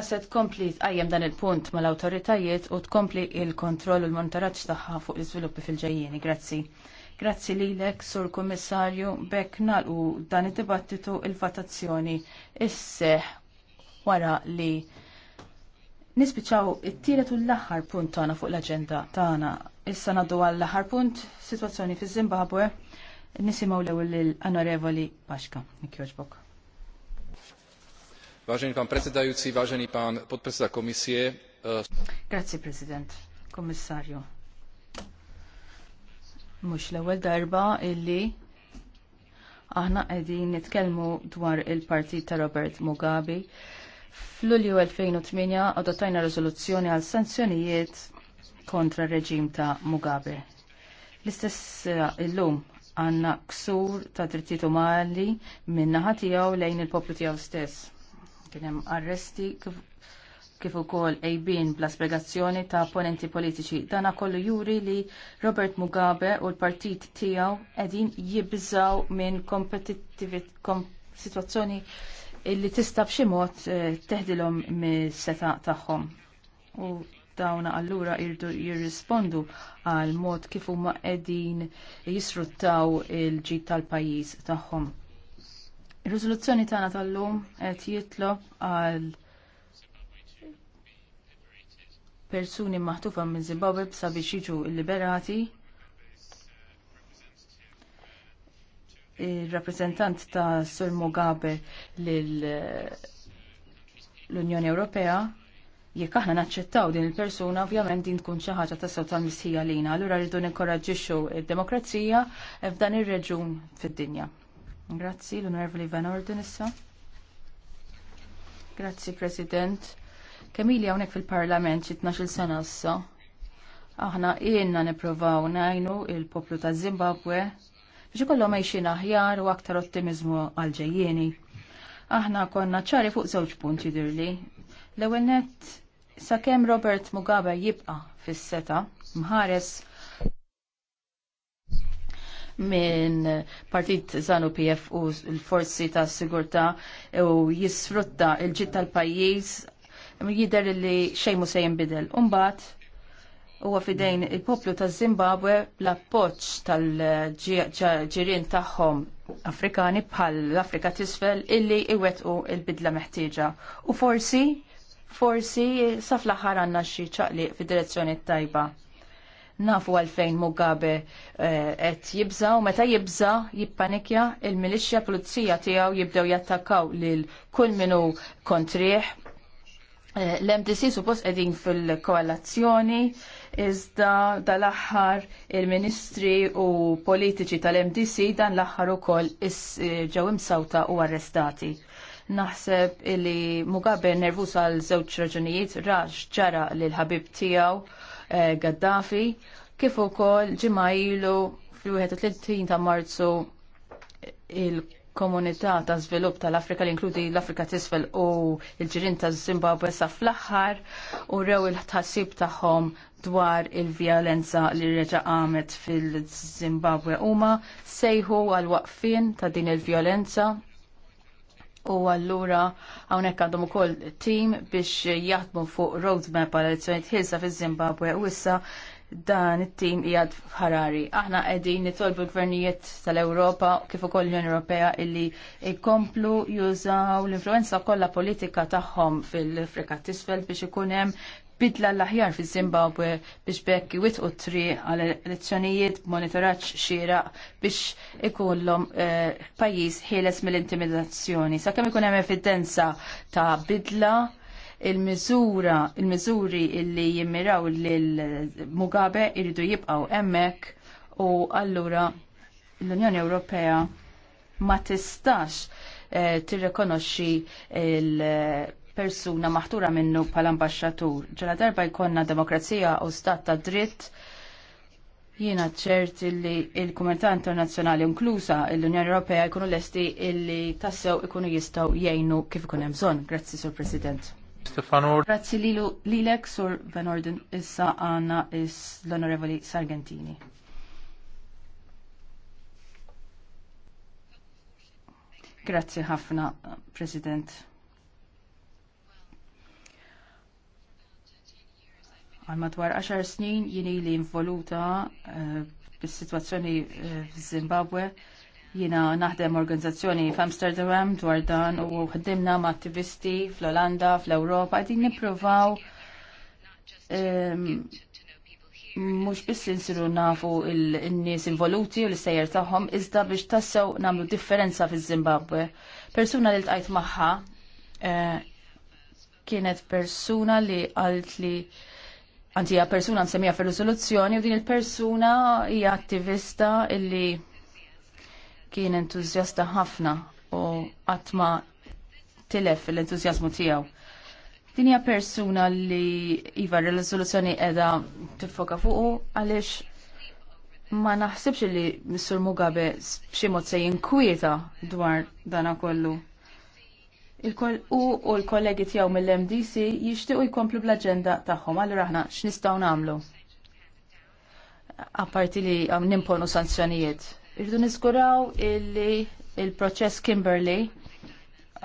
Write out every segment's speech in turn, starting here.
Għasset tkompli tqajjem dan il-punt mal-awtoritajiet u tkompli il-kontroll u l monitoraċ tagħha fuq l izviluppi fil-ġejjieni. Grazzi. Grazzi lilek, Sur Kummissarju, bekk nalqu dan id-dibattitu il-votazzjoni isseħ wara li nispiċaw it tiret u l-aħħar punt tagħna fuq l-aġenda tagħna. Issa għal għall-aħħar punt, sitwazzjoni fil zimbabwe nisimgħu l-ewwel l-anorevoli Paxka. Nikjoġbok. Vážený pán predsedajúci, vážený pán podpredseda komisie. E, Grazie, prezident, komissarju. l ewwel darba illi aħna qegħdin nitkellmu dwar il-partit ta' Robert Mugabe. F'Lulju 2008 adottajna riżoluzzjoni għal sanzjonijiet kontra reġim ta' Mugabe. L-istess e, illum għanna ksur ta' drittijiet umani naħa tiegħu lejn il-poplu tiegħu stess. Kien hemm arresti kif, kif ukoll ejbin bla spjegazzjoni ta' ponenti politiċi. Dana kollu juri li Robert Mugabe u l-partit tiegħu qegħdin jibżaw minn kom situazzjoni illi tista' b'xi mod eh, teħdilhom mis-seta tagħhom. U dawna allura irdu jirrispondu għal mod kif huma qegħdin jisruttaw il-ġid tal-pajjiż tagħhom. Il-rizoluzzjoni tagħna tal-lum qed jitlob għal persuni maħtufa minn Zimbabwe sabiex jiġu liberati. il rappreżentant ta' Sur Mugabe l-Unjoni Ewropea jekk aħna naċċettaw din il-persuna, ovvjament din tkun xi ħaġa tassew tal-missija lina, allura rridu ninkoraġġixxu d-demokrazija f'dan ir-reġun fid-dinja. Grazzi, l-Onorevoli Van Orden issa. Grazzi, President. Kemili hawnhekk fil-Parlament xi 12 sena issa. Aħna jienna niprovaw najnu il-poplu ta' Zimbabwe biex ikollhom għajxin aħjar u aktar ottimizmu għal-ġejjieni. Aħna konna ċari fuq żewġ punti dirli. L-ewwel nett sakemm Robert Mugabe jibqa' fis-seta mħares minn partit Zanu PF u l-forzi ta' sigurta u jisfrutta il-ġit tal-pajjiż jider li xejn mu se jinbidel. Umbat, huwa fidejn il-poplu ta' Zimbabwe l-appoġġ tal-ġirien tagħhom Afrikani bħal l-Afrika tisfel illi iwettqu il-bidla meħtieġa. U forsi, forsi sa fl-aħħar għandna xi ċaqliq fid-direzzjoni tajba nafu għalfejn Mugabe eh, qed jibża u meta jibża jippanikja il-milixja pulizija tiegħu jibdew jattakaw lil kull minu kontrieħ. Eh, L-MDC suppost qegħdin fil-koalazzjoni iżda dal-aħħar il-ministri u politiċi tal-MDC dan l-aħħar ukoll eh, ġew imsawta u arrestati. Naħseb li Mugabe nervus għal żewġ raġunijiet raġ ġara lil ħabib tiegħu Eh, Gaddafi kif ukoll ġimgħa ilu fl-31 ta' Marzu il-komunità ta' żvilupp tal-Afrika li inkludi l-Afrika t'isfel u l ġirin ta' Zimbabwe sa fl-aħħar u rew il ħtasib tagħhom dwar il-vjolenza li reġa' għamet fil-Zimbabwe huma sejħu għal waqfien ta' din il-vjolenza U allura hawnhekk għandhom ukoll tim biex jaħdmu fuq roadmap għal elezzjonijiet ħilsa fiż-Zimbabwe u issa dan it-tim jgħad f'ħarari. Aħna qegħdin nitolbu l-gvernijiet tal-Ewropa kif ukoll l-Unjoni Ewropea illi jkomplu jużaw l-influenza kollha politika tagħhom fil-Afrika t'isfel biex ikun hemm bidla l-aħjar fi Zimbabwe biex bekk u tri għal elezzjonijiet monitoraċ xira biex ikollhom eh, pajjiż ħieles mill-intimidazzjoni. Sakemm ikun hemm evidenza ta' bidla il-miżura, il-miżuri illi jimmiraw l Mugabe iridu jibqgħu hemmhekk u allura l-Unjoni Ewropea ma tistax eh, tirrekonoxxi il- persuna maħtura minnu bħala ambasċatur. Ġala darba jkonna demokrazija u stat ta' dritt jiena ċert li il-Kumunità Internazzjonali inklusa l-Unjoni Ewropea jkunu lesti illi tassew ikunu jistgħu jgħinu kif ikun hemm bżonn. Grazzi Sur President. Stefanor. Grazzi lilu lilek Sur Van Orden issa għandna is l-Onorevoli Sargentini. Grazzi ħafna, President. għal madwar 10 snin jini li involuta bis-situazzjoni eh, eh, f'Zimbabwe jina naħdem organizzazzjoni f'Amsterdam dwar dan u ħdimna ma' attivisti fl-Olanda, fl-Europa, għadin niprovaw mux ehm, biss insiru nafu il-nis involuti u l-sejjer taħħom, iżda biex tassew namlu differenza fiż zimbabwe Persuna li l-tqajt maħħa eh, kienet persuna li għalt li Anzi, hija persuna msemmija fir risoluzzjoni u din il-persuna hija attivista illi kien entużjasta ħafna u għatma tilef l-entużjazmu tiegħu. Din hija persuna li iva r-risoluzzjoni qiegħda tiffoka fuqu għaliex ma naħsibx li Mr. Mugabe b'xi mod se jinkwieta dwar dana kollu u u l-kollegi tiegħu mill-MDC jixtiequ jkomplu bl-aġenda tagħhom għallu aħna x'nistgħu nagħmlu. Apparti li um, nimponu sanzjonijiet. Irdu niskuraw illi il-proċess Kimberley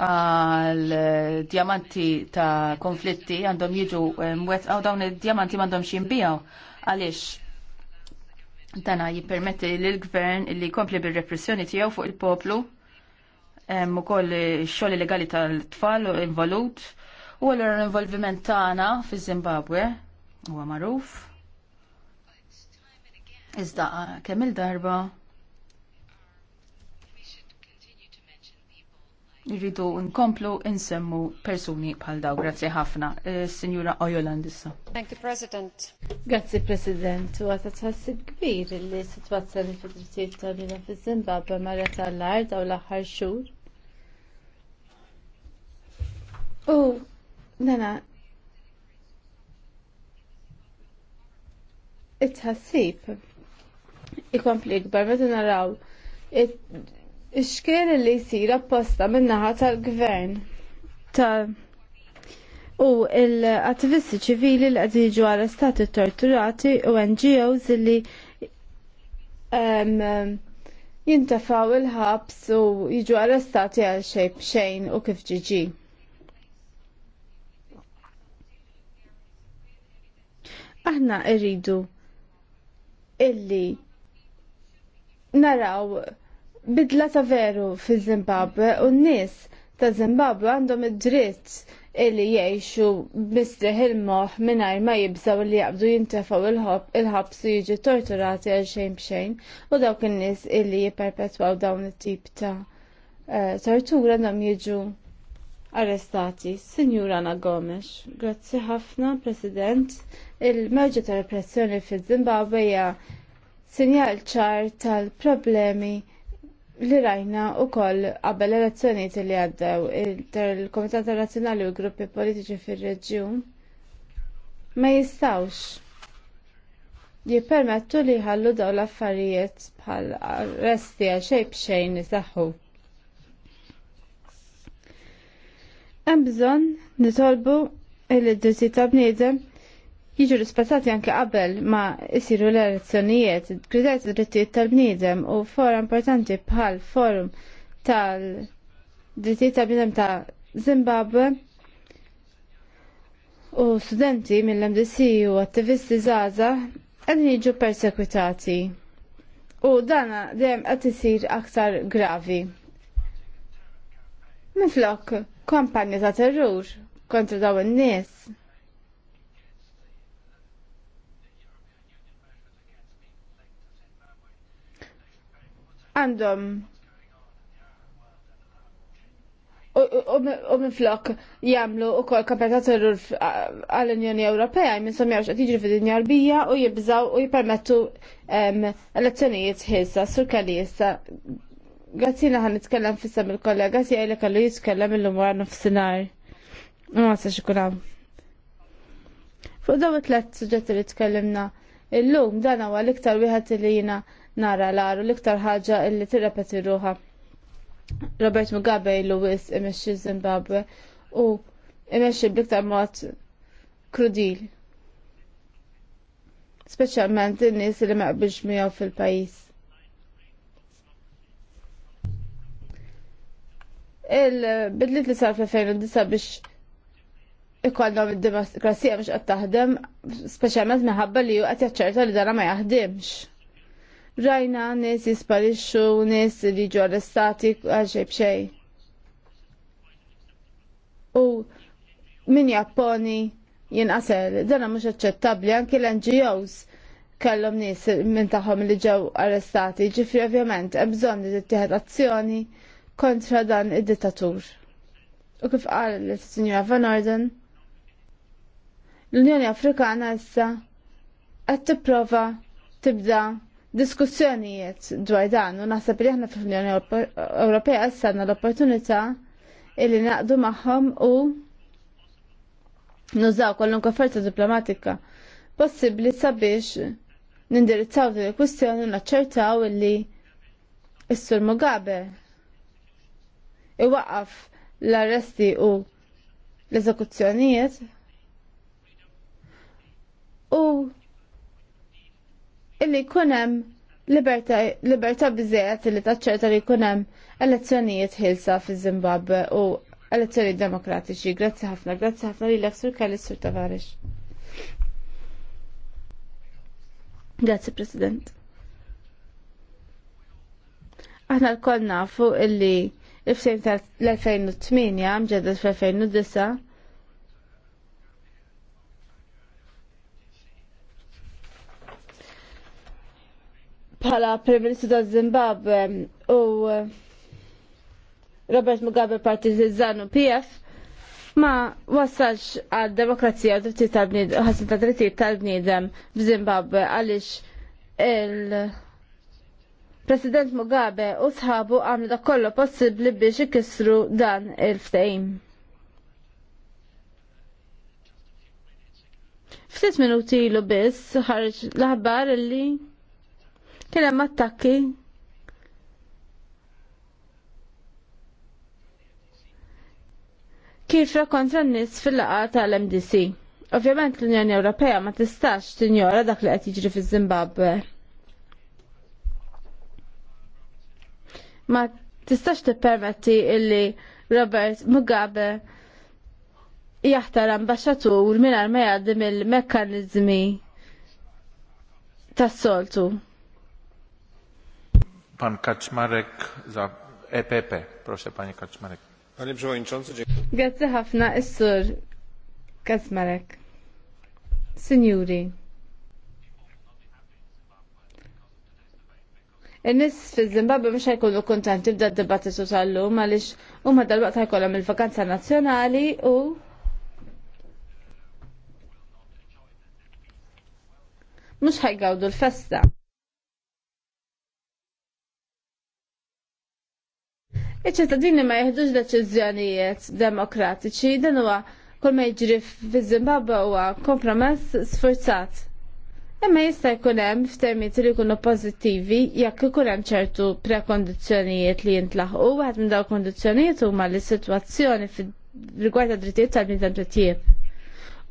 għal eh, diamanti ta' konflitti għandhom jiġu eh, għaw dawn id-diamanti m'għandhom ximbijaw għaliex dana jippermetti lill gvern li jkompli bir repressjoni tiegħu fuq il-poplu hemm ukoll xogħol illegali tal-tfal involut u l involviment tagħna fiż-Zimbabwe huwa magħruf. Iżda kemm il-darba irridu nkomplu insemmu persuni bħal daw. Grazzi ħafna. Eh, Sinjura Ojoland issa. Thank you, President. Grazzi, President. U għata tħassib kbir li situazzjoni fid-drittijiet tal-bina fiż-Zimbabwe marja tal-lar daw l-aħħar xhur U dana it-ħassib ikompli ikbar meta naraw ix-xkiel li jsir apposta min-naħa tal-gvern tal u l-attivisti ċivili li qed jiġu arrestati torturati u NGOs li jintafaw il-ħabs u jiġu arrestati għal xejn u kif ġiġi. aħna irridu illi naraw bidla ta' veru fi Zimbabwe u n-nies ta' Zimbabwe għandhom id-dritt illi jiexu mistriħ il-moħ minnaj ma jibżaw li jaqbdu jintefaw il-ħabs u torturati għal xejn bxejn u dawk in-nies illi jipperpetwaw dawn it-tip ta' eh, tortura għandhom jiġu arrestati. Sinjura Ana Gomes, grazzi ħafna, President. Il-merġa ta' repressjoni fi Zimbabwe hija sinjal ċar tal-problemi li rajna u koll qabel elezzjoni li għaddew il-Komitat Nazzjonali u gruppi politiċi fir-reġjun ma jistawx jippermettu li ħallu daw l-affarijiet bħal arresti għal xejn bxejn jisaxħu. Hemm bżonn nitolbu il-drittijiet ta' bniedem jiġu rispettati anke qabel ma jsiru l-elezzjonijiet, kriżajt id-drittijiet tal-bniedem u fora importanti bħal forum tal-drittijiet tal-bniedem ta' Zimbabwe u studenti mill-MDC u attivisti zaza għedin jiġu persekwitati. U dana dem qed isir aktar gravi. Minflok, Kampanja ta' terrur kontra daw in-nies. Għandhom u minn flok jamlu u kol kapeta terrur għall-Unjoni Ewropea minn somjawx għat jiġri fil dinja arbija u jibżaw u jipermettu elezzjonijiet hissa, surkali hissa Gazzina ħan nitkellem fissam mill kollega si għajlek għallu jitkellem il-lum għar nofsinar. Ma sa xikunaw. Fuq daw it-tlet suġġetti li tkellimna, il-lum dan huwa l-iktar wieħed li jina nara l u l-iktar ħaġa li tirrepeti ruħa. Robert Mugabe illu wis imexxi Zimbabwe u imexxi bl-iktar mod krudil. Speċjalment in-nies li ma qbilx miegħu fil-pajjiż. il-bidlit li sar fl-2009 biex ikollhom id demokrasija biex qed taħdem, speċjalment minħabba li qed jaċċerta li dara ma jaħdimx. Rajna nies jisparixxu, nies li ġu arrestati għal xejn U min japponi jinqasel, dana mhux aċċettabbli anki l-NGOs kellhom nies minn tagħhom li ġew arrestati, ġifri ovvjament hemm bżonn li tittieħed azzjoni kontra dan id-dittatur. U kif qal l-Sinjora Van Orden, l-Unjoni Afrikana issa qed tipprova tibda diskussjonijiet dwar dan u naħseb li aħna fl-Unjoni Ewropea issa għandna l-opportunità illi naqdu magħhom u nużaw kollunka forza diplomatika possibbli sabiex nindirizzaw din il-kwistjoni u naċċertaw illi Is-Sur Mugabe iwaqaf l-arresti u l-eżekuzzjonijiet u illi kunem libertà bizzejet li taċċerta li kunem elezzjonijiet ħilsa fi Zimbabwe u elezzjoni demokratiċi. Grazzi ħafna, grazzi ħafna li l-eksur s sur tavarix. Grazzi, President. Aħna l-koll nafu illi il-ftejn tal-2008 mġeddet fl-2009 Pala Prim-Ministru ta' Zimbabwe u eh, Robert Mugabe partizizzanu PF ma wasalx għad demokrazija u drittijiet tal-bniedem, ħassin ta' drittijiet tal-bniedem f'Zimbabwe għalix il- President Mugabe u sħabu għamlu da kollu possibli biex ikissru dan il-ftejm. Ftit minuti ilu biss ħarġ l-aħbar li kien hemm attakki kif kontra n-nis fil-laqa tal-MDC. Ovvjament l-Unjoni Ewropea ma tistax tinjora dak li qed jiġri fiż-Zimbabwe. ma tistax permetti illi Robert Mugabe jaħtar ambasċatur mingħajr ma jgħaddim il-mekkanizmi tas-soltu. Pan Kaczmarek za EPP, proszę panie Kaczmarek. Panie przewodniczący, dziękuję. Grazie ħafna, is Kaczmarek. Signori. In-nis fil-Zimbabwe mux ħajkunu kontenti b'da d-dibattitu tal-lum għalix u ma dal-waqt ħajkollhom il-vakanza nazzjonali u mux ħajgawdu l-festa. Iċ-ċittadini ma jeħdux deċiżjonijiet demokratiċi dan huwa kull ma jiġri fi zimbabwe huwa kompromess sforzat. Imma jista' jkun hemm f'termiet li jkunu pożittivi jekk ikun hemm ċertu prekondizzjonijiet li jintlaħqu waħed minn dawn kondizzjonijiet huma li sitwazzjoni rigward drittijiet tal-bniedem titjieb.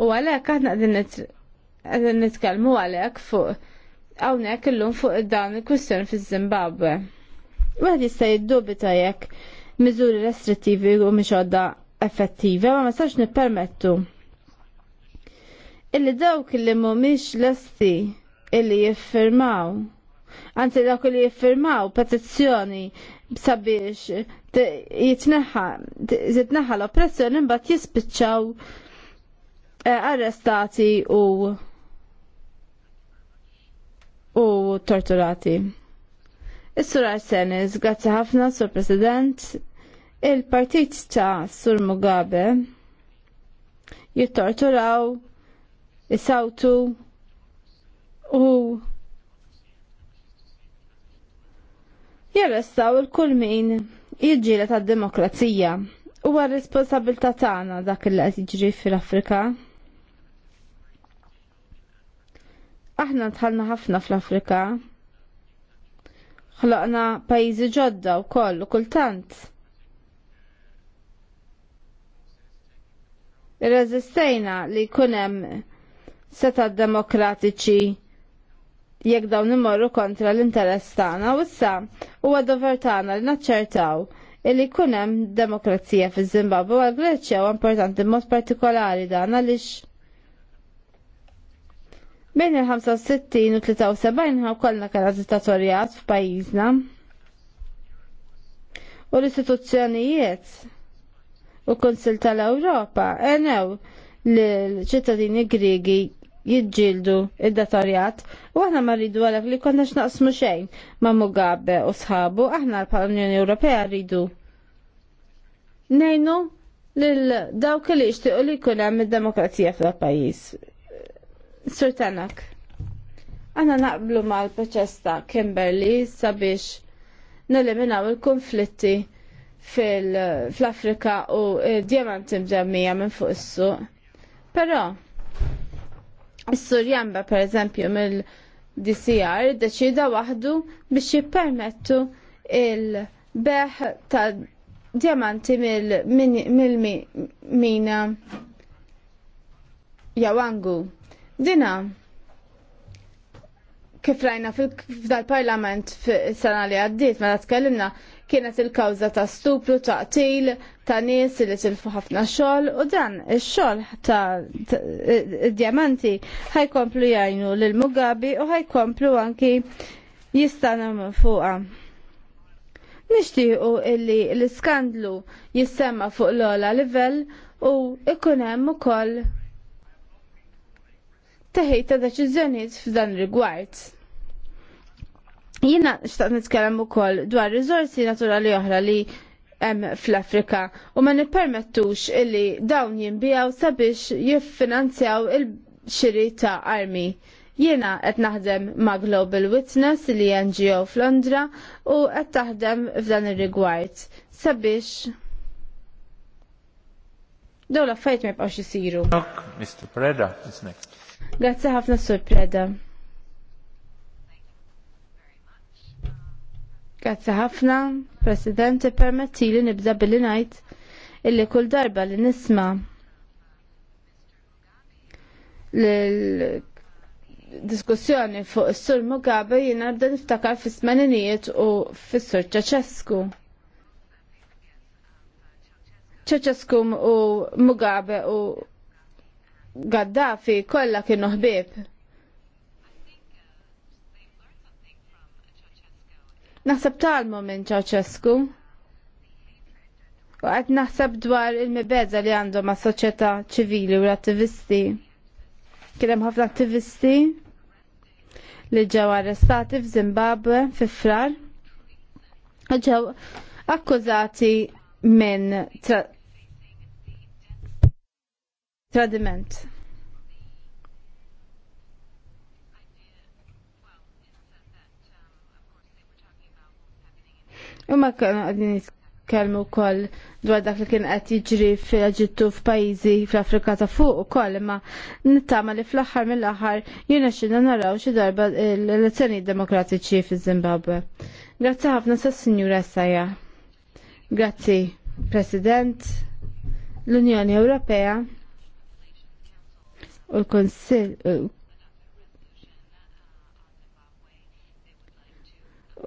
U għalhekk aħna qegħdin nitkellmu għalhekk fuq hawnhekk illum fuq dan il-kwistjoni fiż-Zimbabwe. Waħed jista' jiddubita jekk miżuri restrittivi u mhix effettivi, ma ma sax nippermettu illi dawk li mhumiex lesti illi jiffirmaw. Anzi dawk li jiffirmaw petizzjoni sabiex jitneħħa jitneħħa l-oppressjoni mbagħad jispiċċaw eh, arrestati u u torturati. Is-Sur Arsenis, grazzi ħafna, Sur President, il-partit ta' Sur Mugabe jittorturaw isawtu u jarrestaw il-kull min jiġġiela għad demokrazija u r responsabilta tagħna dak li qed jiġri fil-Afrika. Aħna tħalna ħafna fl-Afrika. Ħloqna pajjiżi ġodda wkoll u kultant. Irreżistejna li jkun hemm seta' demokratiċi jekk dawn imorru kontra l-interess tagħna u issa huwa dover tagħna li naċċertaw illi jkun hemm demokrazija fiż-Zimbabwe u għall-Greċja huwa importanti mod partikolari dan għaliex bejn il-65 u 73 ħaw kollna kena dittatorjat f'pajjiżna u l-istituzzjonijiet u Kunsil tal-Ewropa enew l-ċittadini Griegi jidġildu id-datorjat u aħna ma rridu għalek li konna x'naqsmu xejn ma' Mugabe u sħabu aħna l-Unjoni Ewropea rridu. Nejnu lil dawk li jixtiequ li jkun hemm id-demokrazija fl-pajjiż. Sultanak. Aħna naqblu mal-proċess ta' Kimberly sabiex neliminaw il-konflitti fil-Afrika u diamanti mġammija minn fuq is-suq. Però, is surjamba pereżempju mill-DCR deċida waħdu biex jippermettu il-beħ ta' diamanti mill-mina jawangu. Dina, kif rajna f'dal-parlament sena li għaddiet, meta tkellimna, kienet il-kawza ta' stupru, ta' qtil, ta' nis li tilfu ħafna xogħol u dan il xogħol ta' diamanti djamanti ħajkomplu jgħinu lil Mugabi u ħajkomplu anki jistana minn fuqha. Nixtiequ illi l-iskandlu jissemma fuq l-ola livell u ikun hemm ukoll teħid ta' deċiżjonijiet f'dan rigward. Jina xtaqt nitkellem ukoll dwar riżorsi naturali oħra li hemm fl-Afrika u ma nippermettux illi dawn jinbijaw sabiex jiffinanzjaw il-xiri ta' armi. Jiena qed naħdem ma' Global Witness li NGO f'Londra u qed taħdem f'dan ir-rigward sabiex dawn l affajt ma jibqgħux isiru. Mr. Preda, is next. Grazzi ħafna Sur Preda. Grazzi ħafna. President, permetti li nibda billi najt illi kull darba li nisma l-diskussjoni fuq s-sur Mugabe jina bda niftakar fis smaninijiet u fis-sur ċaċesku. ċaċesku u Mugabe u Gaddafi kollha kienu ħbieb Naħseb talmu minn ċaċesku. U għed naħseb dwar il-mibeza li għandhom ma' soċjetà ċivili u l-attivisti. Kien hemm ħafna attivisti li ġew arrestati f'Zimbabwe fi frar. Ġew akkużati minn tradiment. U ma kienu għadin kelmu kol dwar dak li kien qed jiġri fil-Eġittu f'pajjiżi fl-Afrika ta' fuq kol, imma nittama li fl-aħħar mill-aħħar jina xina naraw xi darba l-elezzjoni demokratiċi fiż-Zimbabwe. Grazzi ħafna sas sinjura Saja. Grazzi, President, l-Unjoni Ewropea u l-Kunsill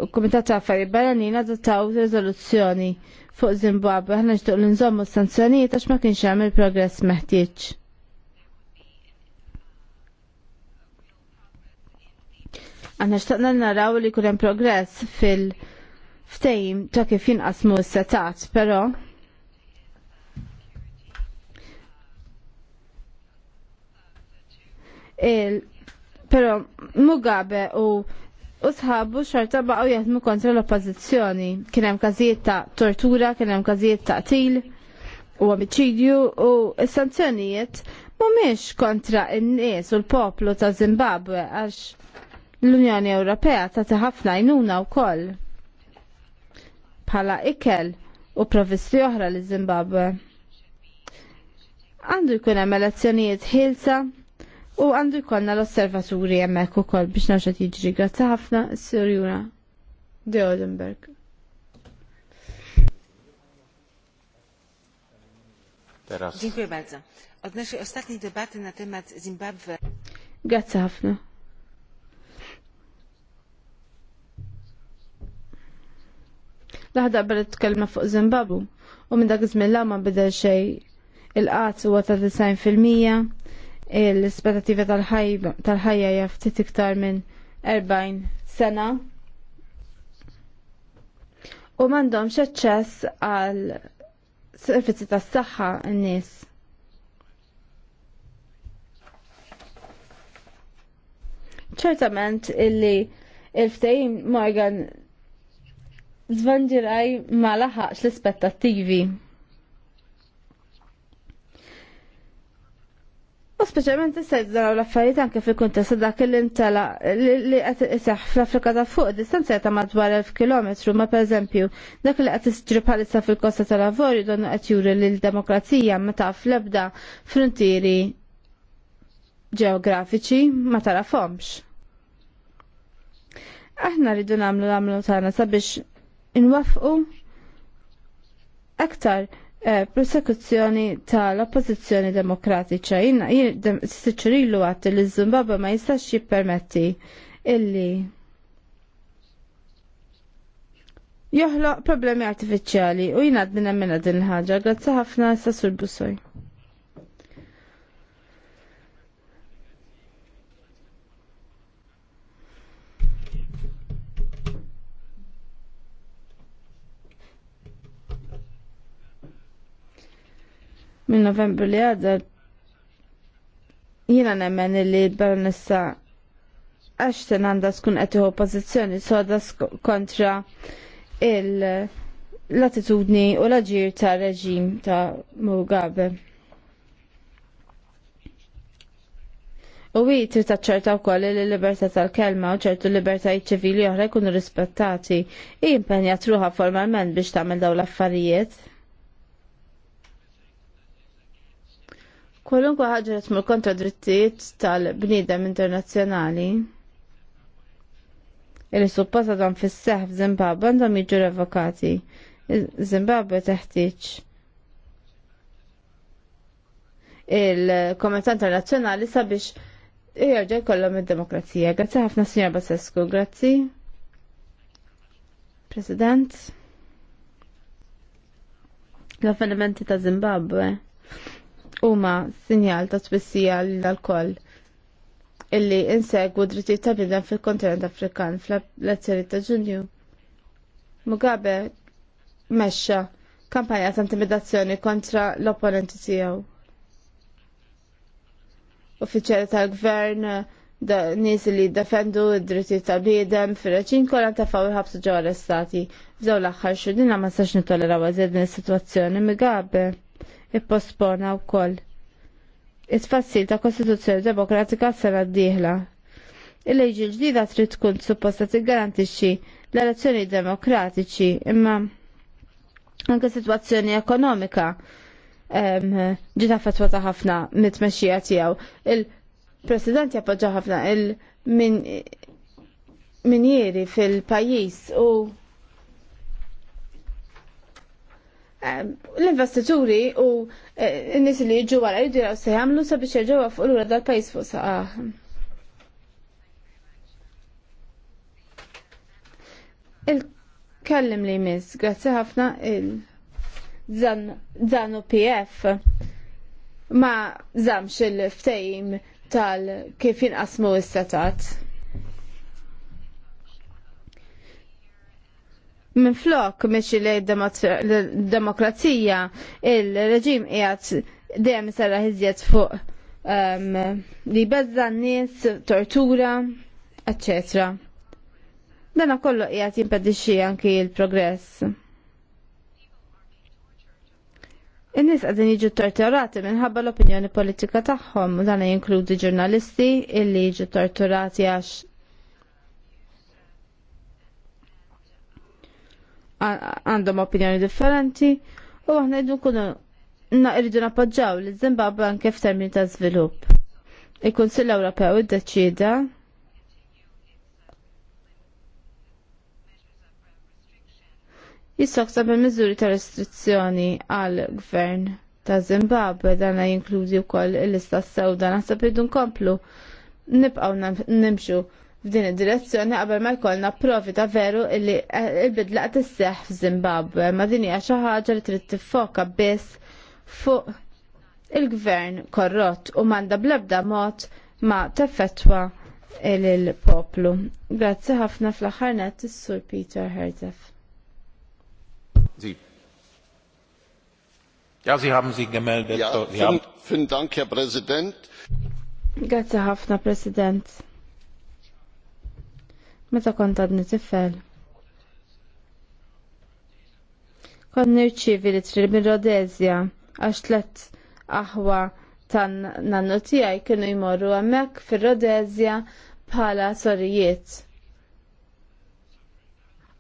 Kumitat ta' Affari Barranin adottaw riżoluzzjoni fuq Zimbabwe ħna ġduq l-inżommu sanzjonijiet għax ma kienx hemm il-progress meħtieġ. Aħna xtaqna naraw li kulem progress fil ftejm ta' kif jinqasmu s-setat, però il Pero Mugabe u u sħabu xorta baqgħu jaħdmu kontra l-oppożizzjoni. Kien hemm każijiet ta' tortura, kien hemm każijiet ta' qtil u omiċidju u s-sanzjonijiet mhumiex kontra n-nies u l-poplu ta' Zimbabwe għax l-Unjoni Ewropea ta' ħafna jnuna wkoll bħala ikel u provisti oħra li Zimbabwe. Għandu jkun hemm elezzjonijiet ħilsa u għandu jkollna l-osservaturi jemmek u koll biex naċa qed jiġri grazzi ħafna Sirjura De Odenberg. Teraz. Dziękuję bardzo. Od naszej ostatniej debaty na temat Zimbabwe. Grazie ħafna. Laħda bada tkellma fuq Zimbabwe u minn dak iż-żmien ma bidel xej il-qatt huwa ta' 90 l-ispettativa tal-ħajja tal-ħajja jaftit iktar minn 40 sena u mandom xaċċess għal servizzi tas saħħa n-nis. ċertament illi il-ftejim Morgan zvandġiraj ma laħax l-ispettattivi. U speċjalment issa jżaraw l-affarijiet anke fil-kuntest dak li ntela li qed iseħħ fl-Afrika ta' fuq distanzja ta' madwar 1000 km ma pereżempju dak li qed isġri bħalissa fil-Kosta tal-Lavori donna qed juri lil demokrazija meta fl-ebda frontieri ġeografiċi ma tarafhomx. Aħna rridu nagħmlu l-għamlu tagħna sabiex inwaffqu aktar Eh, prosekuzzjoni tal-oppozizjoni demokratiċa. Jina, s-sicċurilu għat li Zimbabwe ma jistax jippermetti illi joħloq problemi artificiali u jina d minna din ħagġa, grazzi ħafna s-sassur busoj. minn novembru li għadda jina nemmen li baronessa Ashton għanda skun għetiħu pozizjoni għadda kontra l-attitudni u l-ġir ta' reġim ta' Mugabe. U trita ċerta taċċerta wkoll li l-libertà tal-kelma u ċertu libertajiet ċivili oħra jkunu rispettati. impenja truħa formalment biex tagħmel dawn l-affarijiet. Kwalunkwa ħaġa li kontra drittijiet tal-bniedem internazzjonali il supposta dan fis-seħ f'Zimbabwe għandhom jiġu revokati. Zimbabwe teħtieġ il-Komitat Internazzjonali sabiex jerġa' jkollhom id-demokrazija. Grazzi ħafna Sinjor Basescu, grazzi. President. L-avvenimenti ta' Zimbabwe huma sinjal ta' twissija l-alkoll illi insegwu drittijiet ta' bidan fil-kontinent Afrikan fl-azzjoni ta' Ġunju. Mugabe mexxa kampanja ta' intimidazzjoni kontra l-opponenti tiegħu. Uffiċjali tal-gvern nies li defendu d drittijiet ta' bniedem fir-reċin kollha ta' il-ħabsu ġew arrestati. Zaw l-aħħar xudina ma sax nitoleraw din is-sitwazzjoni migabe ippospona wkoll it-tfassil ta' Kostituzzjoni Demokratika sena d-dieħla. Il-leġi l-ġdida trid tkun supposta tiggarantixxi l-elezzjoni demokratiċi imma anke sitwazzjoni ekonomika fatwa ta' ħafna mit-tmexxija tiegħu. Il-President jappoġġa ħafna il jiri fil-pajjiż u l-investituri u e, n-nis li jġu għara jridu jgħu se jgħamlu sabiex jgħu fuq l-ura dal-pajis fuq saqaħ. Ah. Il-kellim li jmiss, grazzi ħafna il-Zanu PF ma zamx il-ftejim tal kif jinqasmu setat minn flok meċi li demokrazija il-reġim qiegħed dejjem sarra hizjet fuq um, li bezza n-nies, tortura, etc. Dana kollu qiegħed jimpedixxi anki l-progress. In-nies qegħdin jiġu torturati minħabba l-opinjoni politika tagħhom dana dan jinkludi ġurnalisti illi jiġu torturati għax għandhom opinjoni differenti u aħna jdu nkunu naqridu nappoġġaw li Zimbabwe anke termini ta' żvilupp. Il-Kunsill Ewropew id-deċida jissoksa bil miżuri ta' restrizzjoni għal gvern ta' Zimbabwe dana jinkludi wkoll il-lista sewda naħseb irdu nkomplu nibqgħu nimxu f'din id-direzzjoni qabel ma jkollna provi ta' veru li eh, l-bidla qed isseħħ f'Zimbabwe ma din hija xi ħaġa li trid tiffoka biss fuq il-gvern korrott u m'għandha bl-ebda mod ma teffettwa il-poplu. Grazzi ħafna fl-aħħar net is-Sur Peter Herzef. Ja, Sie haben sich gemeldet. Ja, vielen, vielen Dank, Herr Präsident. Grazie ħafna, President meta kont għadni tifel. Kont nirċivi li trib minn Rodezja għax tlet aħwa tan nannu tiegħi kienu jmorru hemmhekk fir-Rodezja bħala sorijiet.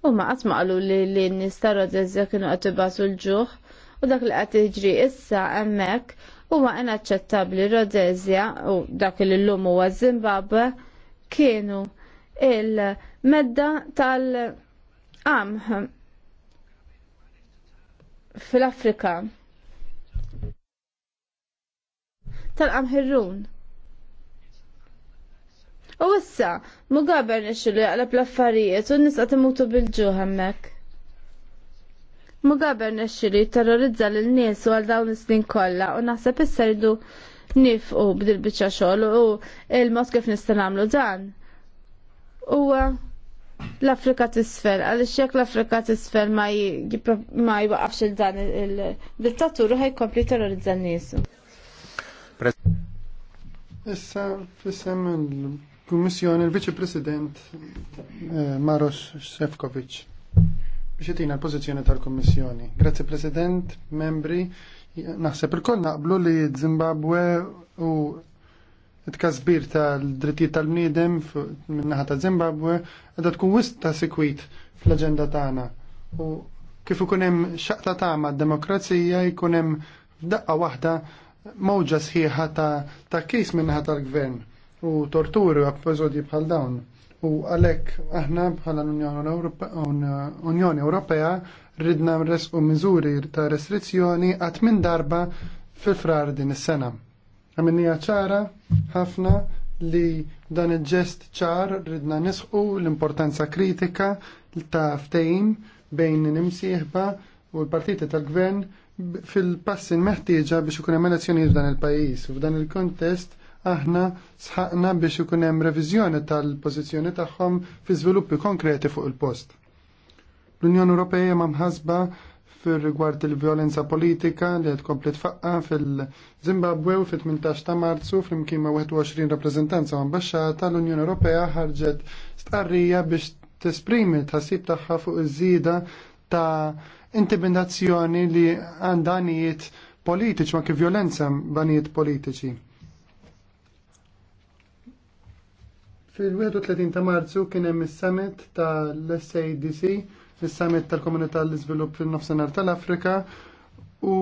U ma qatt maqlu li li nies ta' Rodezja kienu qed ibatu l-ġuħ u dak li għat jiġri issa hemmhekk huwa inaċċettabbli Rodezja u dak li llum huwa Zimbabwe kienu il-medda tal-qamħ fil-Afrika tal Hirrun. U issa, mugaber nixu li għalab l-affarijiet u nisa timutu bil-ġu Mu Mugabe nixu li terrorizza l-nies u għal dawn is-snin kollha u naħseb issa jridu nifqu bdil biċċa xogħol u il-mod kif nista' nagħmlu dan huwa l-Afrika t-isfel, għalix jek l-Afrika t-isfel ma jwaqafx il-dan il-dittatur ħaj kompli terrorizzan nisu Issa, fissem il-Kummissjoni, vice president eh, Maros Sefkovic, biex jitina l-pozizjoni tal kummissjoni Grazie President, membri, naħseb il-koll naqblu li Zimbabwe u it-kasbir tal-drittijiet tal-bniedem minnaħa ta' Zimbabwe għadha tkun wisq ta' sikwit fl-aġenda tagħna. U kif ikun hemm xaqta ta' d-demokrazija jkun hemm f'daqqa waħda mowġa sħiħa ta' ta' kis minnaħa tal-gvern u torturi u episodji bħal dawn. U għalhekk aħna bħala l-Unjoni Ewropea ridna nresqu miżuri ta' restrizzjoni għat minn darba fil-frar din is-sena. Għamennija ċara ħafna li dan il-ġest ċar ridna nisħu l-importanza kritika ta' ftejn bejn nimsieħba u l-partiti tal-gvern fil-passin meħtieġa biex ikun hemm elezzjoni f'dan il-pajjiż. U f'dan il-kontest aħna sħaqna biex ikun hemm reviżjoni tal-pożizzjoni tagħhom fi żviluppi konkreti fuq il-post. L-Unjoni Ewropea ma mħasba fir rigward il-violenza politika li għed komplet faqqa fil-Zimbabwe u fit-18 ta' marzu fl-imkien ma' 21 rappresentanza u ambasċata l-Unjoni Ewropea ħarġet stqarrija biex tesprimi tħassib tagħha fuq iż żida ta' intimidazzjoni li għandanijiet politiċi ma' kif violenza banijiet politiċi. Fil-31 ta' marzu kien hemm is-summit tal-SADC fis-summit tal-Komunità l-Iżvilupp fin-Nofsinhar tal-Afrika u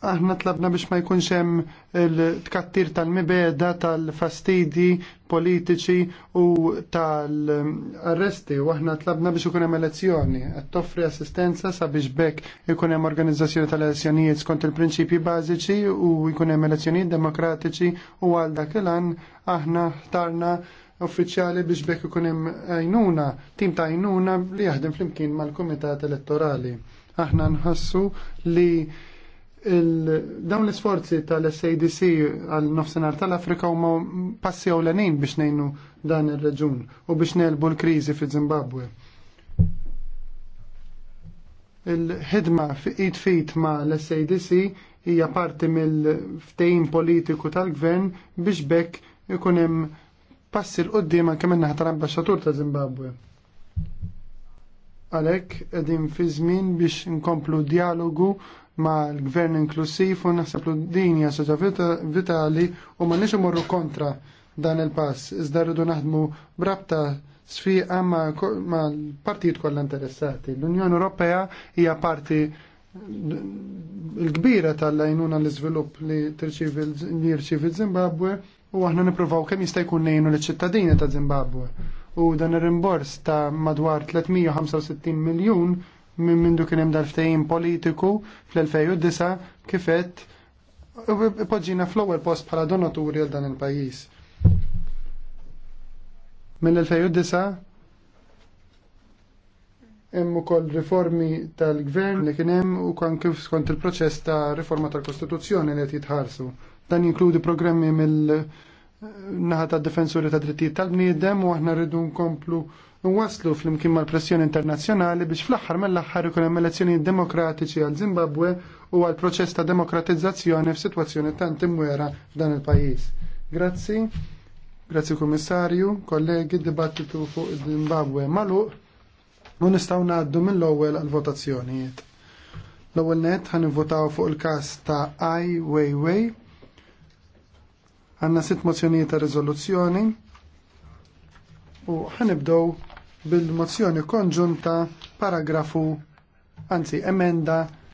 aħna tlabna biex ma jkunx hemm il-tkattir tal-mibeda tal-fastidi politiċi u tal-arresti u aħna tlabna biex ikun hemm elezzjoni qed toffri assistenza sabiex bekk ikun hemm organizzazzjoni tal-elezzjonijiet skont il-prinċipji bażiċi u jkun hemm elezzjonijiet demokratiċi u għal dak il aħna ħtarna uffiċjali biex bekk ikun hemm għajnuna, tim ta' għajnuna li jaħdem flimkien mal-Kumitat Elettorali. Aħna nħassu li dawn l-isforzi tal-SADC għal nofsinhar tal-Afrika huma passi ewlenin biex ngħinu dan ir-reġun u biex nelbu l-kriżi fi Zimbabwe. Il-ħidma id fit ma' l-SADC hija parti mill ftejn politiku tal-gvern biex bekk ikun hemm passi l-qoddim anke minna ħatar ambasċatur ta' Zimbabwe. Għalek, edin fi żmien biex nkomplu dialogu ma' l-gvern inklusiv u naħseb l-dinja soċa vitali u ma nix imorru kontra dan il-pass. Iżda rridu naħdmu brabta sfiqa ma' l-partijiet kollha interessati. L-Unjoni Ewropea hija parti l-kbira tal-lajnuna l izvilup li tirċivi Zimbabwe u aħna nippruvaw kemm jista' jkun nejnu liċ-ċittadini ta' Zimbabwe. U dan ir-rimbors ta' madwar 365 miljun minn mindu kien hemm dal politiku fl-2009 kifet poġġina fl-ewwel post bħala donaturi għal dan il-pajjiż. Mill-2009 hemm ukoll riformi tal-gvern li kien hemm u kif skont il-proċess ta' riforma tal-Kostituzzjoni li qed jitħarsu. Dan jinkludi programmi mill-naħa ta' Defensuri ta' Drittijiet tal-Bniedem u aħna rridu nkomplu nwaslu fl-imkien mal-pressjoni internazzjonali biex fl-aħħar mill-aħħar ikun hemm elezzjoni demokratiċi għal Zimbabwe u għal proċess ta' demokratizzazzjoni f'sitwazzjoni tant imwera f'dan il-pajjiż. Grazzi. Grazzi Kummissarju, kollegi, dibattitu fuq Zimbabwe maluq u nistgħu ngħaddu mill-ewwel għal-votazzjonijiet. L-ewwel net ħanivvotaw fuq il-każ ta' Ai Weiwei Għanna sitt mozzjonijiet ta' riżoluzzjoni u ħanibdow bil-mozzjoni konġunta paragrafu, anzi emenda